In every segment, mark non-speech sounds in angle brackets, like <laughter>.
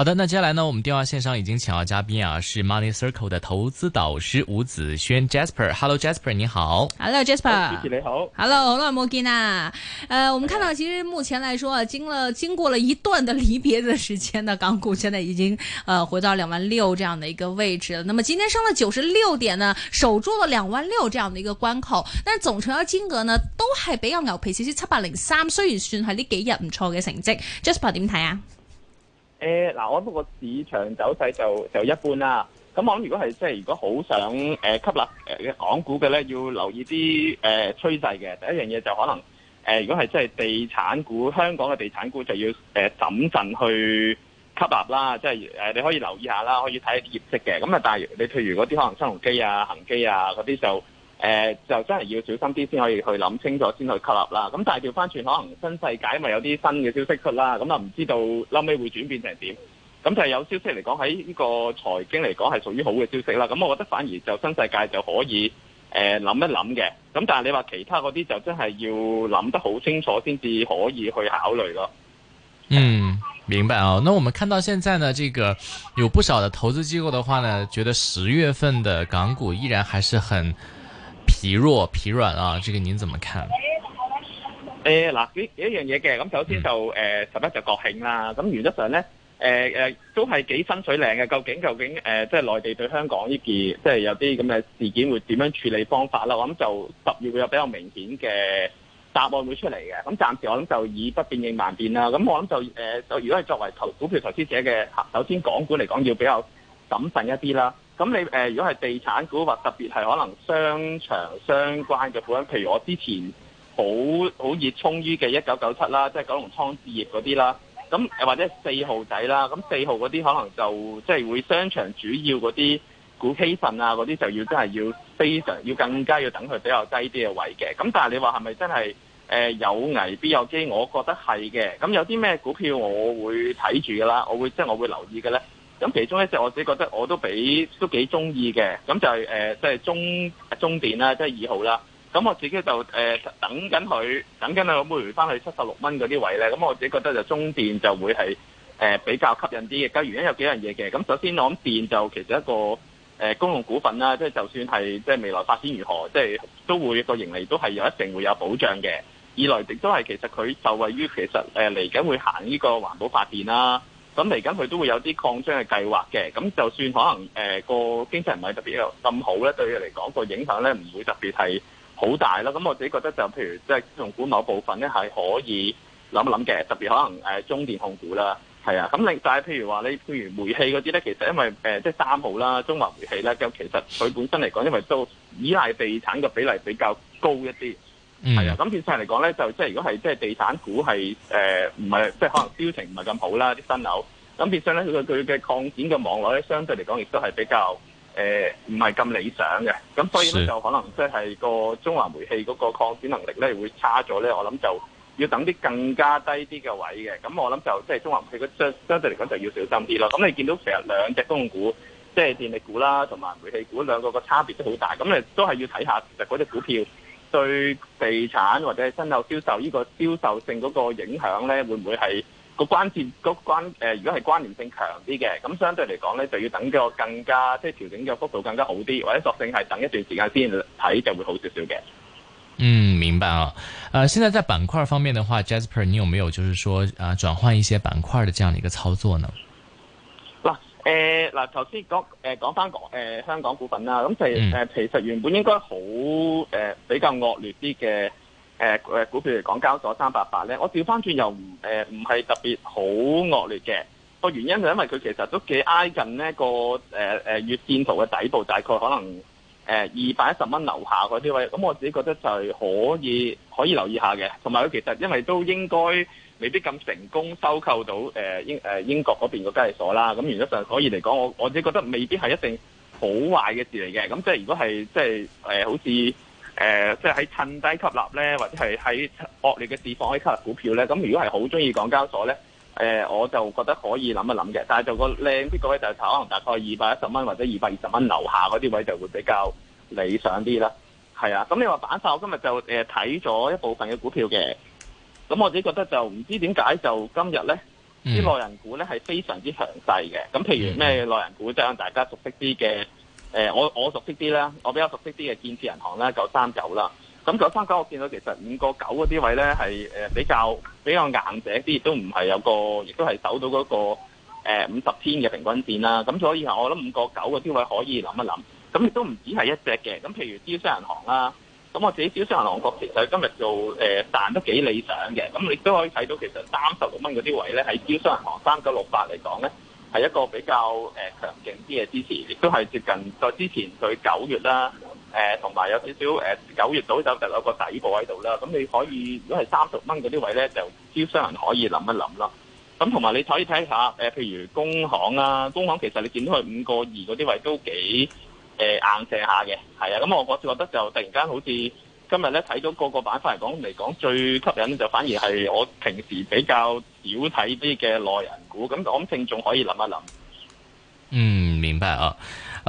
好的，那接下來呢，我們電話線上已經請到嘉賓啊，是 Money Circle 的投資導師吳子軒 Jasper。Hello Jasper，你好。Hello Jasper。你好。Hello，Hello Morgana，呃，我們看到，其實目前來說啊，經了經過了一段的離別的時間呢，港股現在已經呃回到兩萬六這樣的一個位置了。那麼今天升了九十六點呢，守住了兩萬六這樣的一個關口，但總成交金額呢，都還比較牛皮，其實七百零三，雖然算係呢幾日唔錯嘅成績。Jasper 點睇啊？誒、欸、嗱，我諗個市場走勢就就一般啦。咁我諗如果係即係如果好想誒、呃、吸納誒、呃、港股嘅咧，要留意啲誒趨勢嘅。第一樣嘢就可能誒、呃，如果係即係地產股，香港嘅地產股就要誒審、呃、慎去吸納啦。即係、呃、你可以留意下啦，可以睇啲業績嘅。咁啊，但係你譬如嗰啲可能新鴻基啊、恒基啊嗰啲就。誒，就真係要小心啲，先可以去諗清楚，先去吸納啦。咁但係調翻轉，可能新世界，因為有啲新嘅消息出啦，咁就唔知道後尾會轉變成點。咁就係有消息嚟講，喺呢個財經嚟講係屬於好嘅消息啦。咁我覺得反而就新世界就可以誒諗一諗嘅。咁但係你話其他嗰啲就真係要諗得好清楚，先至可以去考慮咯。嗯，明白啊、哦。那我們看到現在呢，這個有不少的投資機構的話呢，覺得十月份的港股依然還是很。極弱疲軟啊，這個您怎麼看？誒、嗯、嗱，幾幾樣嘢嘅，咁首先就誒十一就國慶啦，咁原則上咧，誒誒都係幾分水嶺嘅，究竟究竟誒、呃、即係內地對香港呢件，即係有啲咁嘅事件會點樣處理方法啦？我諗就十月會有比較明顯嘅答案會出嚟嘅，咁暫時我諗就以不變應萬變啦。咁我諗就誒、呃，就如果係作為投股票投資者嘅，首先港股嚟講要比較謹慎一啲啦。咁你誒、呃，如果係地產股或特別係可能商場相關嘅股，譬如我之前好好熱衷於嘅一九九七啦，即係九龍倉置業嗰啲啦，咁誒或者四號仔啦，咁四號嗰啲可能就即係、就是、會商場主要嗰啲股 K 份啊，嗰啲就要真係要非常要更加要等佢比較低啲嘅位嘅。咁但係你話係咪真係誒有危必有機？我覺得係嘅。咁有啲咩股票我會睇住噶啦，我會即係、就是、我會留意嘅咧。咁其中一隻我自己覺得我都比都幾中意嘅，咁就係即係中中電啦，即係二號啦。咁我自己就等緊佢，等緊佢回回翻去七十六蚊嗰啲位咧。咁我自己覺得就中電就會係、呃、比較吸引啲嘅。咁原因有幾樣嘢嘅。咁首先我諗電就其實一個公用股份啦，即係就算係即係未來發展如何，即係都會個盈利都係有一定會有保障嘅。二來亦都係其實佢受惠於其實嚟緊、呃、會行呢個環保發電啦。咁嚟緊佢都會有啲擴張嘅計劃嘅，咁就算可能個、呃、經濟唔係特別有咁好咧，對佢嚟講個影響咧唔會特別係好大啦。咁我自己覺得就譬如即係金融股某部分咧係可以諗一諗嘅，特別可能、呃、中電控股啦，係啊。咁另但係譬如話你譬如煤氣嗰啲咧，其實因為、呃、即係三號啦，中華煤氣咧，其實佢本身嚟講，因為都依賴地產嘅比例比較高一啲。係啊，咁變相嚟講咧，就即係如果係即係地產股係誒唔係，即、呃、係可能銷情唔係咁好啦，啲新樓。咁變相咧，佢佢嘅擴展嘅網絡咧，相對嚟講亦都係比較誒唔係咁理想嘅。咁所以咧就可能即係個中華煤氣嗰個擴展能力咧會差咗咧，我諗就要等啲更加低啲嘅位嘅。咁我諗就即係中華煤氣嗰相相對嚟講就要小心啲啦。咁你見到其實兩隻公股，即係電力股啦，同埋煤氣股兩個個差別都好大。咁你都係要睇下其實嗰隻股票。對地產或者係新樓銷售呢個銷售性嗰個影響咧，會唔會是係個關鍵嗰關？誒、呃，如果係關聯性強啲嘅，咁相對嚟講咧，就要等個更加即係、就是、調整嘅幅度更加好啲，或者索性係等一段時間先睇，就會好少少嘅。嗯，明白啊。誒、呃，現在在板塊方面的話，Jasper，你有沒有就是說啊，轉換一些板塊的這樣的一個操作呢？誒、呃、嗱，頭先講誒講翻誒香港股份啦，咁其誒其實原本應該好誒、呃、比較惡劣啲嘅誒誒股票嚟講，交咗三百八咧，我調翻轉又唔誒唔係特別好惡劣嘅個原因就因為佢其實都幾挨近呢個誒誒、呃、月線圖嘅底部，大概可能誒二百一十蚊樓下嗰啲位，咁我自己覺得就係可以可以留意一下嘅，同埋佢其實因為都應該。未必咁成功收購到誒英誒英國嗰邊個交易所啦，咁原則上可以嚟講，我我自己覺得未必係一定好壞嘅事嚟嘅。咁即係如果係即係誒、呃，好似誒、呃，即係喺趁低吸納咧，或者係喺惡劣嘅地方可以吸納股票咧，咁如果係好中意港交所咧，誒、呃，我就覺得可以諗一諗嘅。但係做個靚啲嗰位就可能大概二百一十蚊或者二百二十蚊樓下嗰啲位就會比較理想啲啦。係啊，咁你話板塊，我今日就誒睇咗一部分嘅股票嘅。咁我自己覺得就唔知點解就今日咧啲內人股咧係非常之強勢嘅。咁譬如咩內人股即係大家熟悉啲嘅、呃，我我熟悉啲咧，我比較熟悉啲嘅建設銀行啦，九三九啦。咁九三九我見到其實五個九嗰啲位咧係比較比較硬淨啲，亦都唔係有個亦都係走到嗰、嗰個五十天嘅平均線啦。咁所以我諗五個九嗰啲位可以諗一諗。咁亦都唔止係一隻嘅。咁譬如招商銀行啦。咁我自己招商銀行個其實今日做誒、呃、彈都幾理想嘅，咁你都可以睇到其實三十六蚊嗰啲位咧，喺招商銀行三九六八嚟講咧，係一個比較誒、呃、強勁啲嘅支持，亦都係接近在之前佢九月啦，誒同埋有少少九月度就就有個底部喺度啦。咁你可以如果係三十蚊嗰啲位咧，就招商銀行可以諗一諗啦。咁同埋你可以睇下、呃、譬如工行啊，工行其實你見到佢五個二嗰啲位都幾，誒、呃，硬正下嘅，係啊，咁我各自覺得就突然間好似今日咧睇到個個板塊嚟講嚟講，最吸引就反而係我平時比較少睇啲嘅內人股，咁我諗聽眾可以諗一諗。嗯，明白啊。哦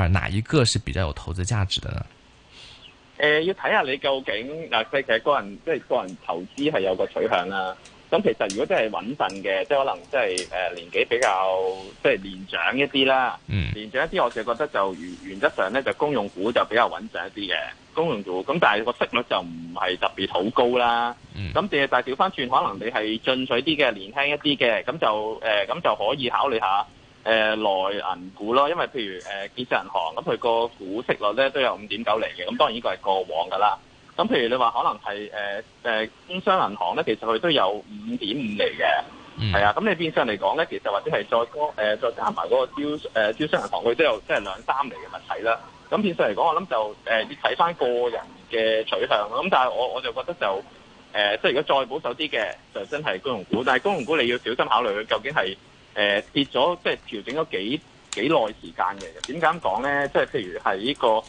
而哪一個是比較有投資價值嘅呢？誒、呃，要睇下你究竟嗱，即、呃、係個人，即係個人投資係有個取向啦。咁其實如果真係穩陣嘅，即係可能即係誒年紀比較即係年長一啲啦，嗯，年長一啲，我就覺得就原原則上咧就公用股就比較穩陣一啲嘅公用股，咁、嗯、但係個息率就唔係特別好高啦。咁、嗯、但係調翻轉，可能你係進取啲嘅，年輕一啲嘅，咁就誒咁、呃、就可以考慮一下。誒內銀股咯，因為譬如誒、呃、建設銀行，咁、嗯、佢個股息率咧都有五點九厘嘅，咁、嗯、當然呢個係過往噶啦。咁、嗯、譬如你話可能係誒、呃、工商銀行咧，其實佢都有五點五厘嘅，係、mm. 啊。咁、嗯、你變相嚟講咧，其實或者係再、呃、再加再加埋嗰個招誒招商銀行，佢都有即係兩三厘嘅問題啦。咁、嗯、變相嚟講，我諗就誒要睇翻個人嘅取向，咁、嗯、但係我我就覺得就誒即係如果再保守啲嘅，就真係金融股。但係金融股你要小心考慮佢究竟係。誒、呃、跌咗，即係調整咗幾幾耐時間嘅。點解咁講咧？即係譬如喺呢、這個誒、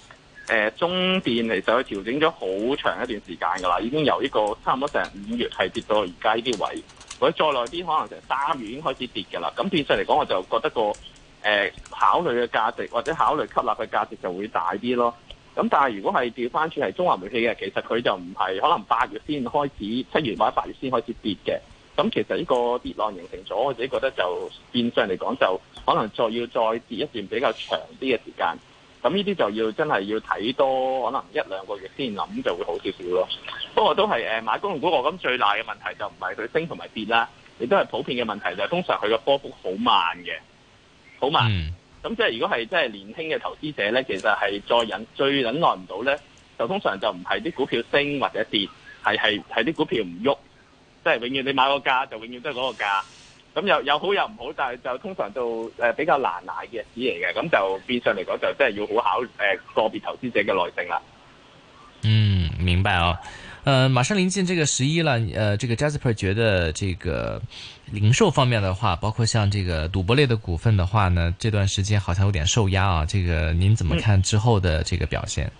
呃、中電，其實佢調整咗好長一段時間噶啦，已經由呢個差唔多成五月係跌到而家呢啲位。或者再耐啲，可能成三月已經開始跌㗎啦。咁變相嚟講，我就覺得個誒、呃、考慮嘅價值或者考慮吸納嘅價值就會大啲咯。咁但係如果係調翻轉係中華煤氣嘅，其實佢就唔係可能八月先開始，七月或者八月先開始跌嘅。咁其實呢個跌浪形成咗，我自己覺得就變相嚟講就可能再要再跌一段比較長啲嘅時間。咁呢啲就真要真係要睇多可能一兩個月先諗就會好少少咯。不過都係誒買公用股，我咁最大嘅問題就唔係佢升同埋跌啦，亦都係普遍嘅問題就係通常佢嘅波幅好慢嘅，好慢。咁、嗯、即係如果係即係年輕嘅投資者咧，其實係再忍最忍耐唔到咧，就通常就唔係啲股票升或者跌，係係係啲股票唔喐。即係永遠你買個價就永遠都係嗰個價，咁有有好有唔好，但係就通常就誒比較難買嘅市嚟嘅，咁就變相嚟講就真係要好考誒個別投資者嘅耐性啦。嗯，明白啊、哦。誒、呃，馬上臨近這個十一了，誒、呃，這個 Jasper 覺得這個零售方面的話，包括像這個賭博類的股份的話呢，這段時間好像有點受壓啊。這個您怎麼看之後的這個表現？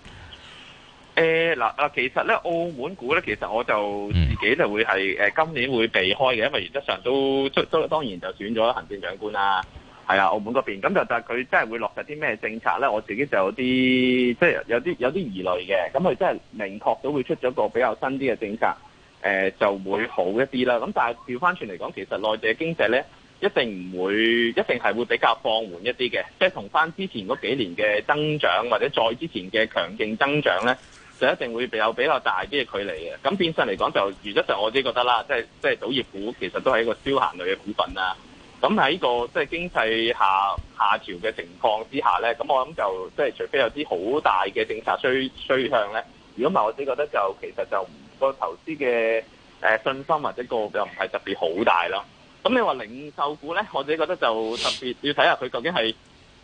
嗱、呃、其實咧澳門股咧，其實我就自己就會係、呃、今年會避開嘅，因為原則上都出當然就選咗行政長官啊，係啊，澳門嗰邊咁就但係佢真係會落實啲咩政策咧？我自己就有啲即係有啲有啲疑慮嘅。咁佢真係明確到會出咗個比較新啲嘅政策、呃，就會好一啲啦。咁但係調翻轉嚟講，其實內地經濟咧一定唔會，一定係會比較放緩一啲嘅，即係同翻之前嗰幾年嘅增長，或者再之前嘅強勁增長咧。就一定會有比較大啲嘅距離嘅，咁變相嚟講就，原則上我自己覺得啦，即係即係賭業股其實都係一個消閒類嘅股份啦。咁喺個即係經濟下下調嘅情況之下咧，咁我諗就即係除非有啲好大嘅政策趨趨向咧，如果唔係，我自己覺得就其實就個投資嘅誒信心或者個又唔係特別好大咯。咁你話零售股咧，我自己覺得就特別要睇下佢究竟係。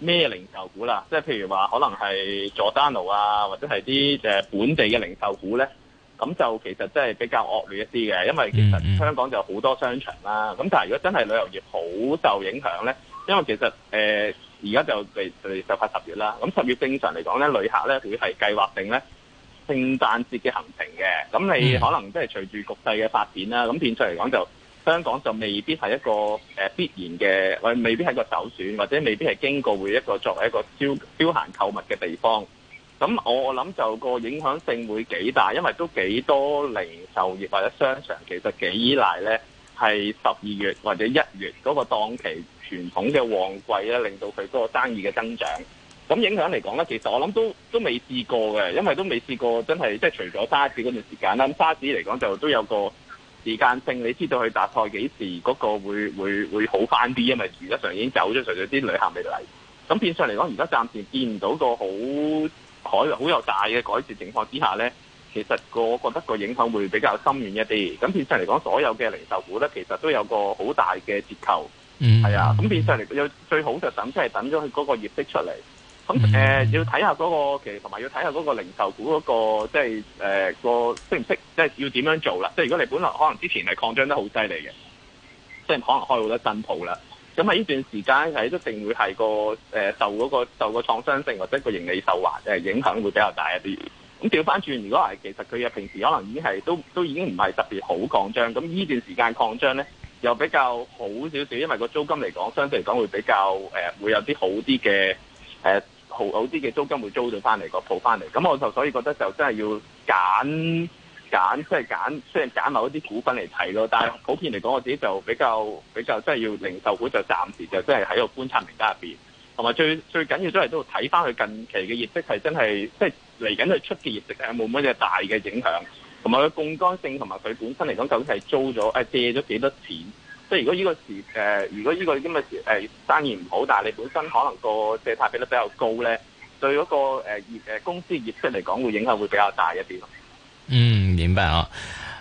咩零售股啦，即係譬如話可能係佐丹奴啊，或者係啲即係本地嘅零售股咧，咁就其實即係比較惡劣一啲嘅，因為其實香港就好多商場啦。咁但係如果真係旅遊業好受影響咧，因為其實誒而家就嚟嚟就快十月啦。咁十月正常嚟講咧，旅客咧會係計劃定咧聖誕節嘅行程嘅，咁你可能即係隨住局勢嘅發展啦，咁變相嚟講就。香港就未必係一個誒必然嘅，或未必係個首選，或者未必係經過會一個作為一個消消閒購物嘅地方。咁我我諗就個影響性會幾大，因為都幾多零售業或者商場其實幾依賴咧，係十二月或者一月嗰個檔期傳統嘅旺季咧，令到佢嗰個生意嘅增長。咁影響嚟講咧，其實我諗都都未試過嘅，因為都未試過真係即係除咗沙士嗰段時間啦。沙士嚟講就都有個。時間性你知道佢搭台幾時，嗰個會會會好翻啲因為，而家上已經走咗，除咗啲旅行未嚟，咁變相嚟講，而家暫時見唔到個好海好有大嘅改善情況之下呢，其實我覺得個影響會比較深遠一啲。咁變相嚟講，所有嘅零售股呢，其實都有個好大嘅折扣，嗯，係啊。咁變相嚟講，最好就等，即係等咗佢嗰個業績出嚟。咁誒、呃、要睇下嗰、那個，其實同埋要睇下嗰個零售股嗰、那個，即係誒、呃、個識唔識，即係要點樣做啦。即係如果你本來可能之前係擴張得好犀利嘅，即係可能開好多新鋪啦。咁喺呢段時間喺都一定會係個誒、呃、受嗰、那個受個創傷性或者個盈利受環影響會比較大一啲。咁調翻轉，如果係其實佢嘅平時可能已經係都都已經唔係特別好擴張，咁呢段時間擴張咧又比較好少少，因為個租金嚟講，相對嚟講會比較誒、呃、會有啲好啲嘅好啲嘅租金會租到翻嚟個鋪翻嚟，咁我就所以覺得就真係要揀揀，即係揀，雖然揀某啲股份嚟睇咯，但係普遍嚟講，我自己就比較比較真係要零售股就暫時就真係喺個觀察名單入面。同埋最最緊要都係都睇翻佢近期嘅業績係真係即係嚟緊佢出嘅業績係冇乜嘢大嘅影響，同埋佢槓桿性同埋佢本身嚟講究竟係租咗啊、哎、借咗幾多錢？即係如果呢個時，呃、如果依、這個咁嘅時，誒、呃、生意唔好，但係你本身可能個借貸比率比較高咧，對嗰、那個誒、呃、公司業績嚟講會影響會比較大一啲咯。嗯，明白啊。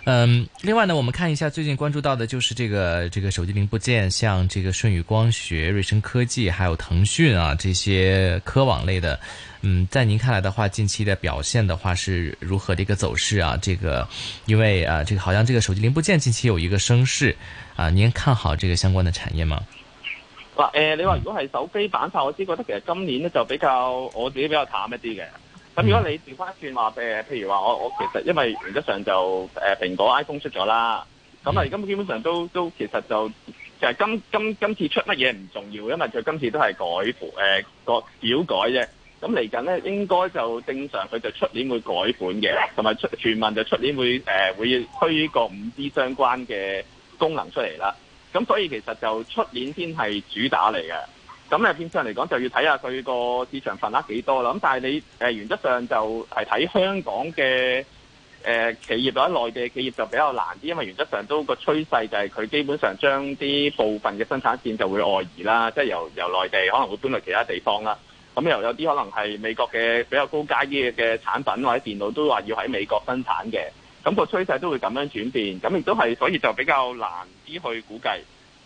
嗯，另外呢，我們看一下最近關注到的，就是這個這個手機零部件，像這個舜宇光學、瑞聲科技，還有騰訊啊這些科網類的。嗯，在您看來的話，近期的表現的話是如何的一個走勢啊？這個，因為啊，這個好像這個手機零部件近期有一個升勢啊，您看好這個相關的產業嗎？呃，你話如果係手機板塊，我只覺得其實今年呢，就比較，我自己比較淡一啲嘅。咁如果你調翻轉話，誒，譬如話我我其實因為原則上就誒蘋果 iPhone 出咗啦，咁啊而家基本上都都其實就就係、是、今今今次出乜嘢唔重要，因為佢今次都係改誒個、呃、表改啫。咁嚟緊咧應該就正常佢就出年會改款嘅，同埋出傳聞就出年會誒會、呃、推個 5G 相關嘅功能出嚟啦。咁所以其實就出年先係主打嚟嘅。咁咧，片上嚟講，就要睇下佢個市場份額幾多啦。咁但係你誒、呃、原則上就係睇香港嘅誒、呃、企業或者內地嘅企業就比較難啲，因為原則上都個趨勢就係佢基本上將啲部分嘅生產線就會外移啦，即係由由內地可能會搬去其他地方啦。咁又有啲可能係美國嘅比較高階啲嘅產品或者電腦都話要喺美國生產嘅。咁個趨勢都會咁樣轉變，咁亦都係所以就比較難啲去估計。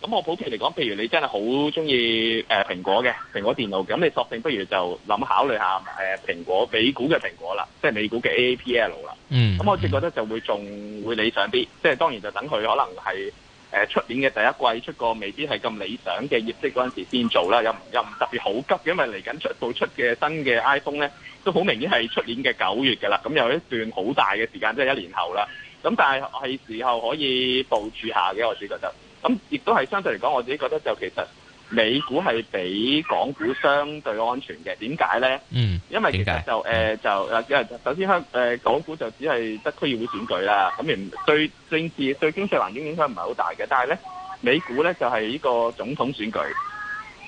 咁我普遍嚟講，譬如你真係好中意誒蘋果嘅蘋果電腦，咁你索性不如就諗考慮下誒、呃、蘋果美股嘅蘋果啦，即係美股嘅 AAPL 啦。嗯，咁我只覺得就會仲會理想啲，即係當然就等佢可能係呃出年嘅第一季出個未必係咁理想嘅業績嗰陣時先做啦。又又唔特別好急，因為嚟緊出到出嘅新嘅 iPhone 咧，都好明顯係出年嘅九月噶啦。咁有一段好大嘅時間，即係一年後啦。咁但係係時候可以部署下嘅，我只覺得就。咁亦都係相對嚟講，我自己覺得就其實美股係比港股相對安全嘅。點解呢？嗯，因為其實就誒、呃、就誒，首先香誒港股就只係得區議會選舉啦，咁亦對政治對經濟環境影響唔係好大嘅。但係呢，美股呢就係、是、呢個總統選舉，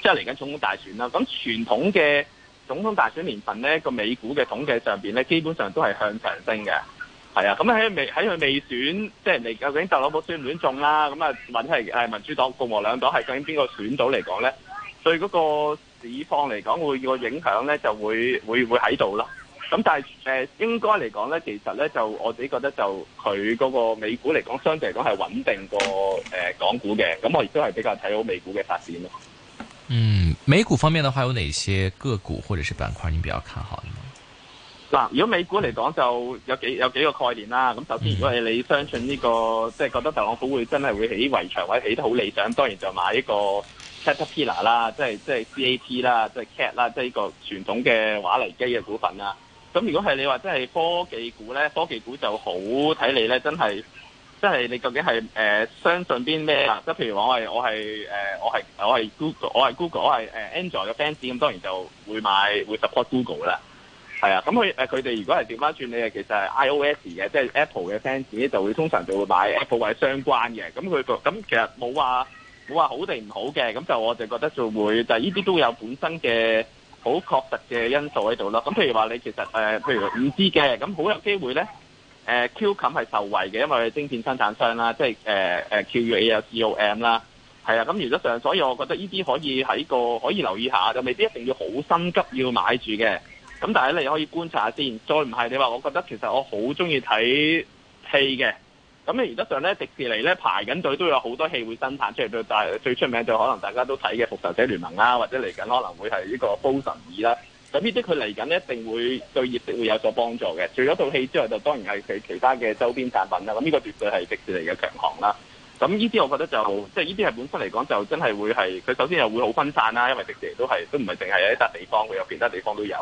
即係嚟緊總統大選啦。咁傳統嘅總統大選年份呢，個美股嘅統計上邊呢，基本上都係向上升嘅。係啊，咁喺未喺佢未選，即係未究竟特朗普選唔選中啦？咁啊，問題係民主黨、共和兩黨係究竟邊個選到嚟講咧？對嗰個市況嚟講，會個影響咧就會會會喺度咯。咁但係誒，應該嚟講咧，其實咧就我自己覺得就佢嗰個美股嚟講，相對嚟講係穩定過誒港股嘅。咁我亦都係比較睇好美股嘅發展咯。嗯，美股方面嘅話，有哪些個股或者是板塊你比較看好呢？嗱，如果美股嚟講，就有幾有幾個概念啦。咁首先，如果係你相信呢個，即係覺得特朗普會真係會起圍牆，或者起得好理想，當然就買呢個 Caterpillar 啦，即係即係 CAT 啦，即係 CAT 啦，即係呢個傳統嘅挖泥機嘅股份啦。咁如果係你話真係科技股咧，科技股就好睇你咧，真係即係你究竟係誒、呃、相信邊咩啊？即係譬如講，我係、呃、我係誒我係我係 Google，我係 Google，我係誒 Android 嘅 fans，咁當然就會買會 support Google 啦。係啊，咁佢佢哋如果係調翻轉，你嘅其實係 iOS 嘅，即係 Apple 嘅 fans 就會通常就會買 Apple 位相關嘅。咁佢個咁其實冇話冇話好定唔好嘅。咁就我就覺得就會，但係呢啲都有本身嘅好確實嘅因素喺度啦。咁譬如話你其實誒、呃，譬如五 G 嘅，咁好有機會咧誒、呃、Q 冚係受惠嘅，因為佢晶片生產商啦，即、就、係、是、誒誒、呃、Qualcomm 啦，係啊。咁原則上，所以我覺得呢啲可以喺個可以留意下，就未必一定要好心急要買住嘅。咁但係你可以觀察下先，再唔係你話，我覺得其實我好中意睇戲嘅。咁咧，而家上呢，迪士尼呢排緊隊，隊都有好多戲會生產出嚟，都但係最出名就可能大家都睇嘅《復仇者聯盟》啦，或者嚟緊可能會係呢個《包神二》啦。咁呢啲佢嚟緊一定會對業績會有所幫助嘅。除咗套戲之外，就當然係佢其他嘅周邊產品啦。咁呢個絕對係迪士尼嘅強項啦。咁呢啲我覺得就即係呢啲係本身嚟講就真係會係佢首先又會好分散啦，因為迪士尼都係都唔係淨係有一笪地方，會有其他地方都有。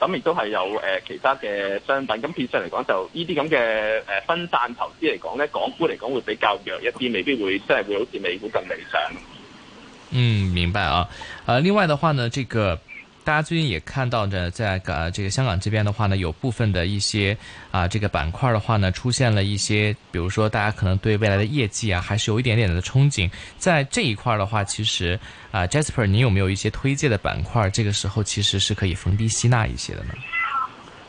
咁亦都係有誒其他嘅商品，咁變相嚟講，就呢啲咁嘅誒分散投資嚟講咧，港股嚟講會比較弱一啲，未必會即係會好似美股咁理想。嗯，明白啊。啊，另外嘅話呢，呢、呢個。大家最近也看到呢，在呃這個香港這邊的話呢，有部分的一些啊、呃、這個板塊的話呢，出現了一些，比如說大家可能對未來的業績啊，還是有一點點的憧憬。在這一塊的話，其實啊、呃、Jasper，你有沒有一些推薦的板塊？這個時候其實是可以逢低吸納一些的呢？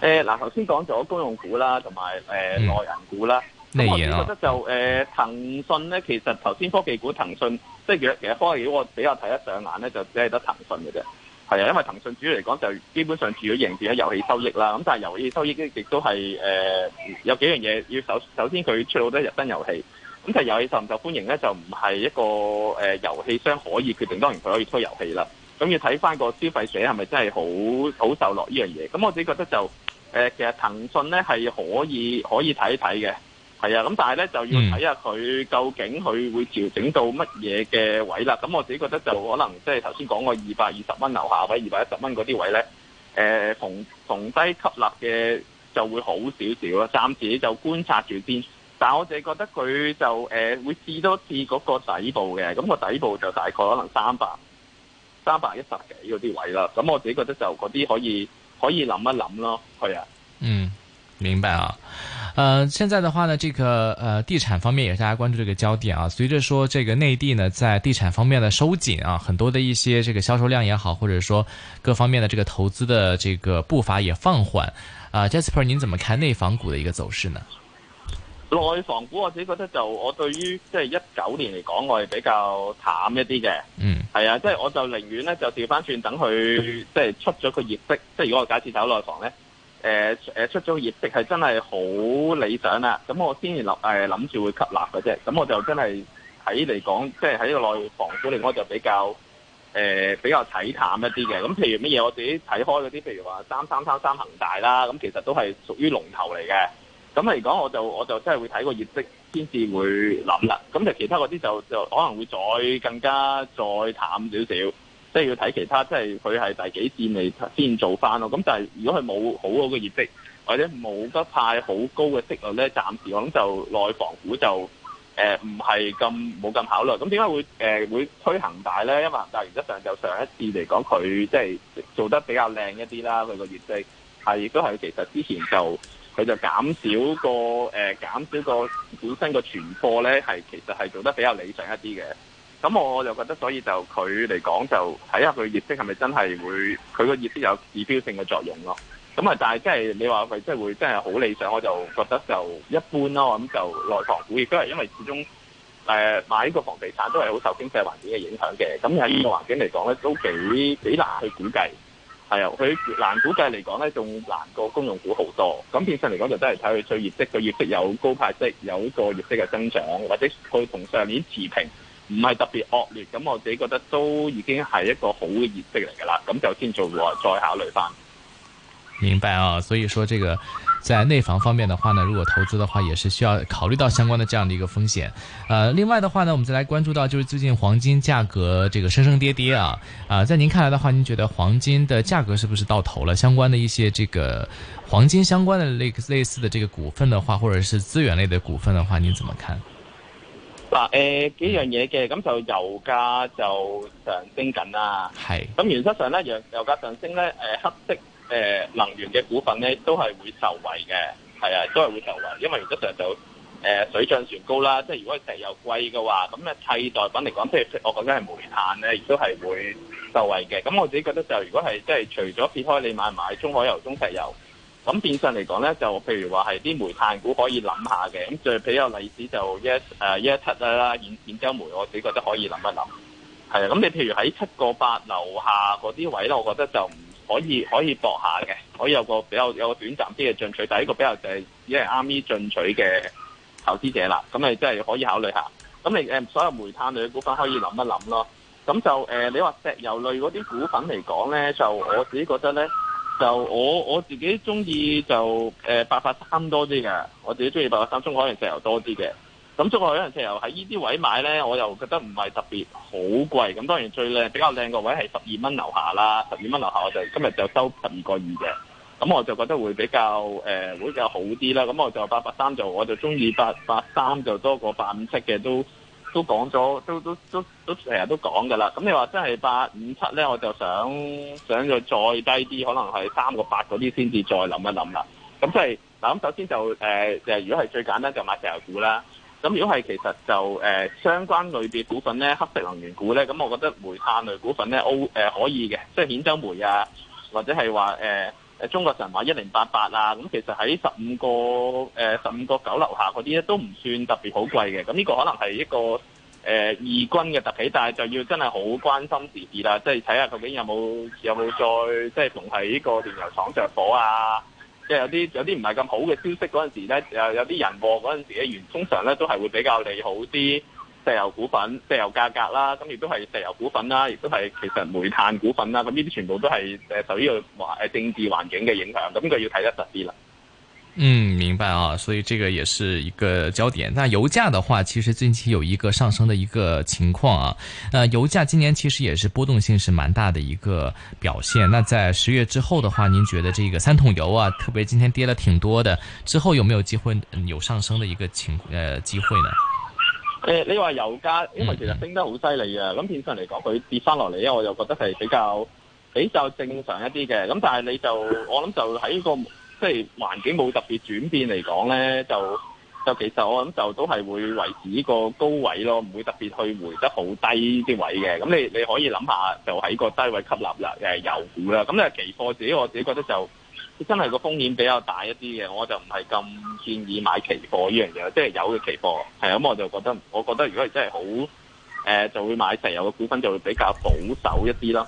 呃嗱，頭先講咗公用股啦，同埋呃內人股啦。內銀咁我覺得、啊啊、就呃騰訊呢其實頭先科技股，騰訊即係、就是、若其實科技股，我比較睇得上眼呢，就只係得騰訊嘅啫。係啊，因為騰訊主要嚟講就基本上主要營住喺遊戲收益啦，咁但係遊戲收益亦都係誒、呃、有幾樣嘢要首首先佢出好多新遊戲，咁但係遊戲受唔受歡迎咧就唔係一個誒遊戲商可以決定，當然佢可以出遊戲啦，咁要睇翻個消費者係咪真係好好受落呢樣嘢，咁我自己覺得就誒、呃、其實騰訊咧係可以可以睇一睇嘅。係啊，咁但係咧就要睇下佢究竟佢會調整到乜嘢嘅位啦。咁我自己覺得就可能即係頭先講個二百二十蚊樓下位，二百一十蚊嗰啲位咧，誒，逢低吸納嘅就會好少少啦。暫時就觀察住先，但係我自己覺得佢就誒、呃、會試多次嗰個底部嘅，咁、嗰個底部就大概可能三百三百一十幾嗰啲位啦。咁我自己覺得就嗰啲可以可以諗一諗咯，係啊。嗯，明白啊。呃，現在的話呢，這個呃地產方面也是大家關注這個焦點啊。隨着說這個內地呢，在地產方面的收緊啊，很多的一些這個銷售量也好，或者說各方面的這個投資的這個步伐也放緩。啊，呃，Jasper，您怎麼看內房股的一個走勢呢？內房股我自己覺得就我對於即係一九年嚟講，我係比較淡一啲嘅。嗯。係啊，即係我就寧願呢，就調翻轉等佢即係出咗個業績。即係如果我假設炒內房呢。誒出咗業績係真係好理想啦，咁我先然先至諗誒諗住會吸納嘅啫，咁我就真係睇嚟講，即係喺個內房股嚟我就比較誒、呃、比較睇淡一啲嘅。咁譬如乜嘢，我自己睇開嗰啲，譬如話三三三三恒大啦，咁其實都係屬於龍頭嚟嘅。咁嚟講，我就我就真係會睇個業績先至會諗啦。咁就其他嗰啲就就可能會再更加再淡少少。即係要睇其他，即係佢係第幾戰嚟先做翻咯。咁但係如果佢冇好好嘅業績，或者冇得派好高嘅息率咧，暫時我諗就內房股就誒唔係咁冇咁考慮。咁點解會誒、呃、會推恒大咧？因為恒大原則上就上一次嚟講佢即係做得比較靚一啲啦，佢個業績係亦都係其實之前就佢就減少個誒減少個本身個存貨咧，係其實係做得比較理想一啲嘅。咁我就覺得，所以就佢嚟講，就睇下佢業績係咪真係會佢個業績有指標性嘅作用咯。咁啊，但係即係你話，佢即係會真係好理想，我就覺得就一般咯。咁就內房股亦都係，因為始終買呢個房地產都係好受經濟環境嘅影響嘅。咁喺呢個環境嚟講咧，都幾幾難去估計係啊。佢難估計嚟講咧，仲難過公用股好多。咁變相嚟講，就真係睇佢最業績，佢業績有高派息，有個業績嘅增長，或者佢同上年持平。唔係特別惡劣，咁我自己覺得都已經係一個好嘅業績嚟噶啦，咁就先做，再考慮翻。明白啊，所以說，這個在內房方面的話呢，如果投資的話，也是需要考慮到相關的這樣的一個風險。呃，另外的話呢，我們再來關注到，就是最近黃金價格這個升升跌跌啊，啊、呃，在您看來的話，您覺得黃金的價格是不是到頭了？相關的一些這個黃金相關的類類似的這個股份的話，或者是資源類的股份的話，您怎麼看？嗱、嗯，誒幾樣嘢嘅，咁就油價就上升緊啦。係。咁原則上咧，油油價上升咧，誒、呃、黑色誒、呃、能源嘅股份咧，都係會受惠嘅。係啊，都係會受惠，因為原則上就誒、呃、水漲船高啦。即係如果石油貴嘅話，咁嘅替代品嚟講，譬如我講緊係煤炭咧，亦都係會受惠嘅。咁我自己覺得就，如果係即係除咗撇開你買唔買、買中海油、中石油。咁變相嚟講咧，就譬如話係啲煤炭股可以諗下嘅。咁最比較例子就一誒一七啦，兗兗州煤，我自己覺得可以諗一諗。係啊，咁你譬如喺七個八樓下嗰啲位咧，我覺得就唔可以可以搏下嘅，可以有個比較有個短暫啲嘅進取，第一個比較就係一係啱啲進取嘅投資者啦。咁你真係可以考慮下。咁你所有煤炭類嘅股份可以諗一諗咯。咁就、呃、你話石油類嗰啲股份嚟講咧，就我自己覺得咧。就我我自己中意就誒八八三多啲嘅，我自己中意我自己中意八八三，中意八八三。中海油石油多啲嘅，咁中海油石油喺呢啲位買呢，我又覺得唔係特別好貴。咁當然最靚比較靚個位係十二蚊樓下啦，十二蚊樓下我就今日就收十二個二嘅。咁我就覺得會比較誒、呃、會比較好啲啦。咁我就八八三就我就中意八八三就多過八五七嘅都。都講咗，都都都都成日都講㗎啦。咁你話真係八五七咧，我就想想再再低啲，可能係三個八嗰啲先至再諗一諗啦。咁即係嗱，咁首先就誒、呃，如果係最簡單就買石油股啦。咁如果係其實就誒、呃、相關類別股份咧，黑色能源股咧，咁我覺得煤炭類股份咧，O 誒可以嘅，即係兗州煤啊，或者係話誒。呃中國神話一零八八啊，咁其實喺十五個誒十五個九樓下嗰啲咧都唔算特別好貴嘅，咁呢個可能係一個誒異、呃、軍嘅特起，但係就要真係好關心時事啦，即係睇下究竟有冇有冇再即係仲喺呢個煉油廠着火啊，即係有啲有啲唔係咁好嘅消息嗰陣時咧，有有啲人禍嗰陣時咧，通常咧都係會比較利好啲。石油股份、石油價格啦，咁亦都係石油股份啦，亦都係其實煤炭股份啦，咁呢啲全部都係誒受呢個環誒政治環境嘅影響，咁佢要睇得實啲啦。嗯，明白啊，所以這個也是一個焦點。那油價的話，其實近期有一個上升的一個情況啊。誒、呃，油價今年其實也是波動性是蠻大的一個表現。那在十月之後的話，您覺得這個三桶油啊，特別今天跌了挺多的，之後有沒有機會、嗯、有上升的一個情誒、呃、機會呢？誒、欸，你話油價，因為其實升得好犀利啊。咁變相嚟講，佢跌翻落嚟，因我又覺得係比較比較正常一啲嘅。咁但係你就我諗就喺個即係環境冇特別轉變嚟講咧，就就其實我諗就都係會維持依個高位咯，唔會特別去回得好低啲位嘅。咁你你可以諗下，就喺個低位吸納誒油股啦。咁你係期貨自己我自己覺得就。真係個風險比較大一啲嘅，我就唔係咁建議買期貨呢樣嘢，即係有嘅期貨，係咁我就覺得，我覺得如果係真係好、呃、就會買石油嘅股份，就會比較保守一啲咯。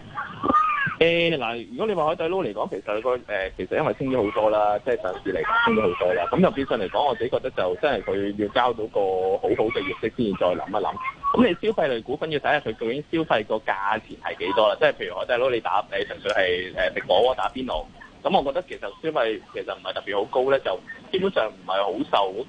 誒嗱，如果你話海底撈嚟講，其實個誒，其實因為升咗好多啦，即係上市嚟升咗好多啦。咁就變相嚟講，我自己覺得就真係佢要交到個好好嘅業績，先至再諗一諗。咁你消費類股份要睇下佢究竟消費個價錢係幾多啦。即係譬如海底撈你打，你純粹係誒食火鍋打邊爐。咁我覺得其實消費其實唔係特別好高咧，就基本上唔係好受嗰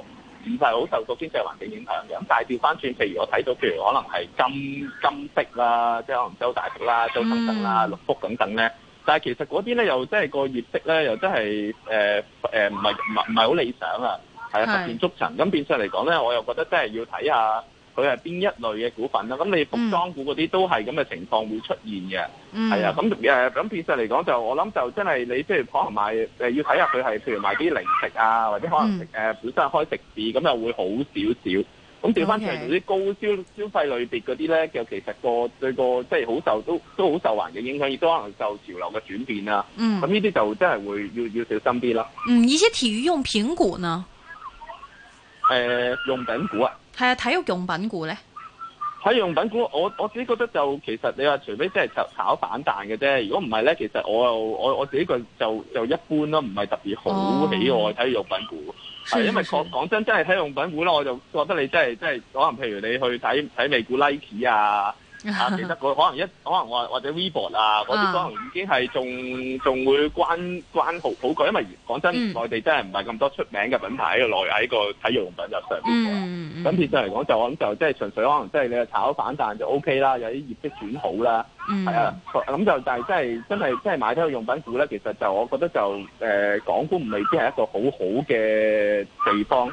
個。唔係好受到經濟環境影響嘅，咁但係調翻轉，譬如我睇到譬如可能係金金飾啦，即係可能周大福啦、周等等啦、mm. 六福等等咧，但係其實嗰啲咧又真係個業績咧又真係誒誒唔係唔係唔係好理想啊，係啊，十面逐塵。咁變相嚟講咧，我又覺得真係要睇下。佢係邊一類嘅股份啦，咁你服裝股嗰啲都係咁嘅情況會出現嘅，係、嗯、啊，咁誒咁變相嚟講就我諗就真係你、呃、譬如可能賣誒要睇下佢係譬如賣啲零食啊，或者可能食誒本身開食肆咁又會好少少，咁掉翻轉頭啲高消消費類別嗰啲咧，就其實個對個即係好受都都好受環境影響，亦都可能受潮流嘅轉變啦、啊。咁呢啲就真係會要要小心啲啦。嗯，而且體育用品股呢？誒、呃，用品股啊。係啊，體育用品股咧，體育用品股，我我自己覺得就其實你話除非即係炒炒反彈嘅啫，如果唔係咧，其實我又我我自己就就一般啦，唔係特別好喜愛體育用品股，係、哦、因為講講真，真係體育用品股咧，我就覺得你真係即係可能譬如你去睇睇美股 Nike 啊。 <laughs> 啊，其實佢可能一可能或者或者 Weibo 啊，嗰啲可能已經係仲仲會關關好好久，因為講真、嗯，內地真係唔係咁多出名嘅品牌喺個內喺個體育用品入上面。咁其實嚟講，就我諗就即係純粹可能即、就、係、是、你係炒反彈就 O、OK、K 啦，有啲業績轉好啦，係、嗯、啊，咁就但係真係真係真係買體育用品股咧，其實就我覺得就誒、呃、港股唔未必係一個很好好嘅地方。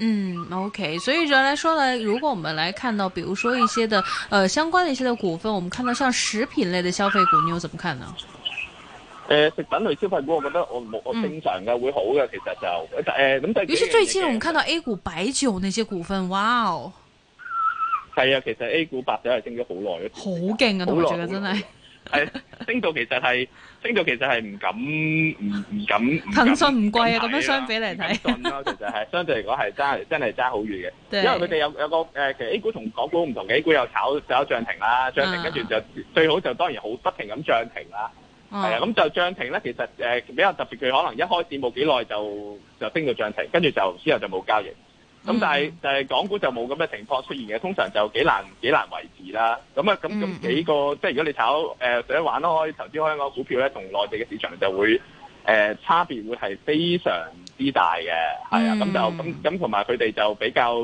嗯，OK，所以原來說呢，如果我們來看到，比如說一些的，呃，相關的一些的股份，我們看到像食品類的消費股，你又怎麼看呢？誒、呃，食品類消費股，我覺得我、嗯、我正常噶，會好噶，其實就誒，咁、呃、但。於是、嗯、最近，我們看到 A 股白酒那些股份，哇哦！係啊，其實 A 股白酒係升咗好耐好勁啊，同我覺得真係。係 <laughs> 升到其實係升到其實係唔敢唔唔敢。騰訊唔貴啊，咁樣相比嚟睇。騰訊咯，其實係相對嚟講係真係真係差好遠嘅。因為佢哋有有個誒、呃，其實 A 股同港股唔同嘅，A 股又炒，就有漲停啦，漲停，跟、嗯、住就最好就當然好不停咁漲停啦。係、嗯、啊，咁就漲停咧，其實誒、呃、比較特別，佢可能一開始冇幾耐就就升到漲停，跟住就之後就冇交易。咁、嗯、但係就係港股就冇咁嘅情況出現嘅，通常就幾難幾難維持啦。咁啊，咁咁幾個，嗯、即係如果你炒誒一、呃、玩開投資香港股票咧，同內地嘅市場就會誒、呃、差別會係非常之大嘅，係、嗯、啊。咁就咁咁同埋佢哋就比較，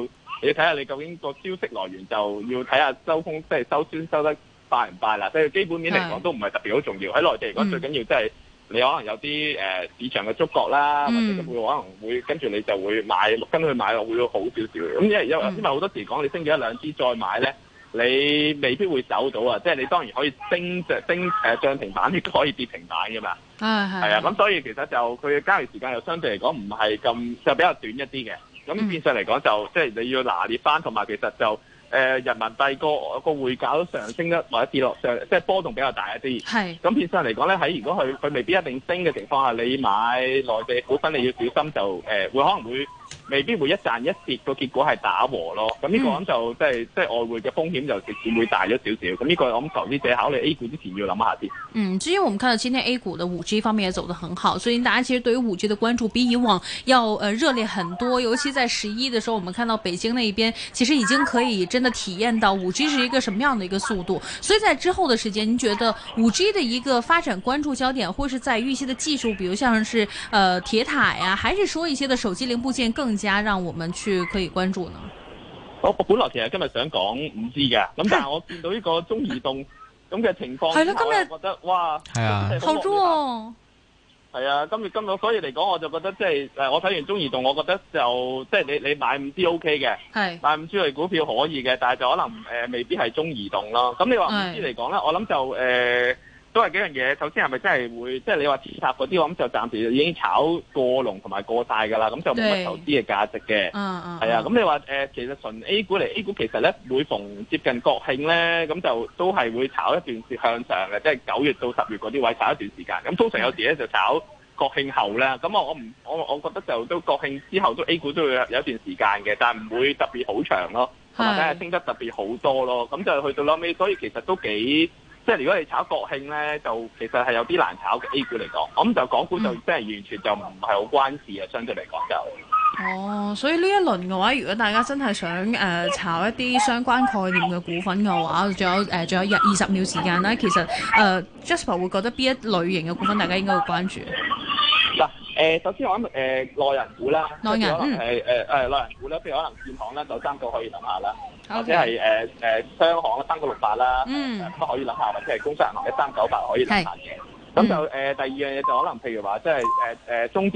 你要睇下你究竟個消息來源就要睇下收風即係、就是、收先收得快唔快啦。即係基本面嚟講都唔係特別好重要。喺內地嚟講、嗯、最緊要即係。你可能有啲誒、呃、市場嘅觸覺啦，嗯、或者就會可能會跟住你就會買跟佢去買落，會好少少。咁因為因為好多時講你升咗一兩支再買咧，你未必會走到啊！即係你當然可以升，升、啊、上升誒漲停板，亦可以跌停板㗎嘛。係啊，咁所以其實就佢嘅交易時間又相對嚟講唔係咁就比較短一啲嘅。咁變相嚟講就即係、嗯就係、你要拿捏返，同埋其實就。誒、呃、人民幣個個匯價都上升一或者跌落上，即係波動比較大一啲。咁，變相嚟講咧，喺如果佢佢未必一定升嘅情況下，你買內地股份你要小心就，就、呃、誒會可能會。未必會一賺一跌，個結果係打和咯。咁呢個咁就即係即係外匯嘅風險就極致會大咗少少。咁呢個我諗投資者考慮 A 股之前要諗下先。嗯，至於我們看到今天 A 股的五 G 方面也走得很好，所以大家其實對於五 G 的關注比以往要呃熱烈很多。尤其在十一的時候，我們看到北京那一邊其實已經可以真的體驗到五 G 是一個什麼樣嘅一個速度。所以在之後嘅時間，您覺得五 G 的一個發展關注焦點，或是在預期嘅技術，比如像是呃鐵塔呀、啊，還是說一些的手機零部件更？家讓我們去可以關注呢？我我本來其實今日想講五 G 嘅，咁但係我見到呢個中移動咁嘅情況， <laughs> <laughs> 我覺得哇，係 <laughs> 啊今天， <laughs> 好中，係啊，今日今日所以嚟講，我就覺得即係誒，我睇完中移動，我覺得就即係、就是、你你買五 G OK 嘅，係， <laughs> 買五 G 類股票可以嘅，但係就可能誒、呃、未必係中移動咯。咁你話五 G 嚟講咧， <laughs> 我諗就誒。呃都係幾樣嘢。首先係咪真係會，即係你話自殺嗰啲我咁就暫時已經炒過龍同埋過晒㗎啦。咁就冇乜投資嘅價值嘅。嗯嗯。係啊。咁、uh, uh, uh, 你話誒、呃，其實純 A 股嚟，A 股其實咧，每逢接近國慶咧，咁就都係會炒一段時向上嘅，即係九月到十月嗰啲位炒一段時間。咁通常有時咧就炒國慶後啦。咁啊，我唔，我我覺得就都國慶之後都 A 股都會有一段時間嘅，但係唔會特別好長咯，同埋唔係升得特別好多咯。咁就去到 last 尾，所以其實都幾。即係如果你炒國慶咧，就其實係有啲難炒嘅 A 股嚟講，咁就港股就即係完全就唔係好關事啊。相對嚟講就、嗯。哦，所以呢一輪嘅話，如果大家真係想誒、呃、炒一啲相關概念嘅股份嘅話，仲有誒仲、呃、有二十秒時間咧，其實誒、呃、Jasper 會覺得邊一類型嘅股份大家應該會關注？誒、呃，首先我諗，誒、呃，內銀股啦，即係可能係誒誒內銀股咧，譬如可能建行咧九三九可以諗下啦，啦 okay. 或者係誒誒，商行三個六八啦，嗯，都、呃、可以諗下，或者係工商銀行嘅一三九八可以諗下嘅。咁就誒、嗯呃，第二樣嘢就可能譬如話，即係誒誒，中電。